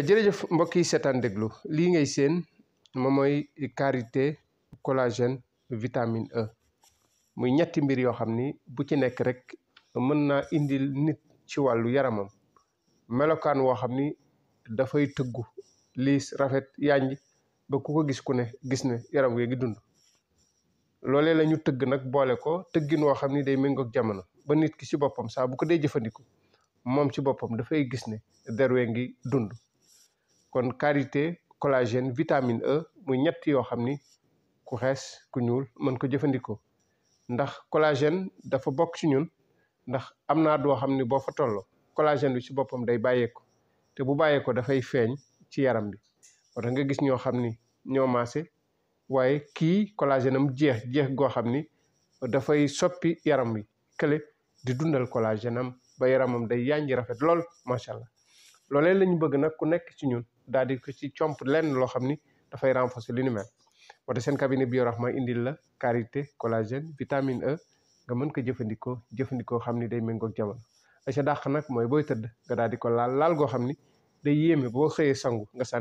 jërëjëf mbokk yi seetaan déglu lii ngay séen moom mooy karité collagène vitamin E muy ñetti mbir yoo xam ni bu ci nekk rek mën naa indil nit ci wàllu yaramam melokaan woo xam ni dafay tëggu liis rafet yàññ ba ku ko gis ku ne gis ne yaram wee ngi dund loole la tëgg nag boole ko tëggin woo xam ni day méngoog jamono ba nit ki ci boppam saa bu ko dee jëfandiku moom ci boppam dafay gis ne derwee ngi dund kon quarité collagène vitamine E muy ñett yoo xam ni ku xees ku ñuul mën ko jëfandikoo ndax collagène dafa bokk ci ñun ndax am naa doo xam ni boo fa tolloo collagène bi ci boppam day bàyyeeko te bu bàyyeekoo dafay feeñ ci yaram bi moo nga gis ñoo xam ni ñoo maase waaye kii collagène jeex jeex goo xam ni dafay soppi yaram wi kële di dundal collagène am ba yaramam day yaañ rafet lool macha allah. loolee la ñu bëgg nag ku nekk ci ñun daal di ko ci comp lenn loo xam ni dafay renforcer li ni mel moo tax seen cabinet Biorahma indil la karité collagène vitamine E nga mën ko jëfandikoo jëfandikoo xam ni day méngoog jamono a ca dàq nag mooy booy tëdd nga daal di ko laal laal goo xam ni day yéeme boo xëyee sangu nga sant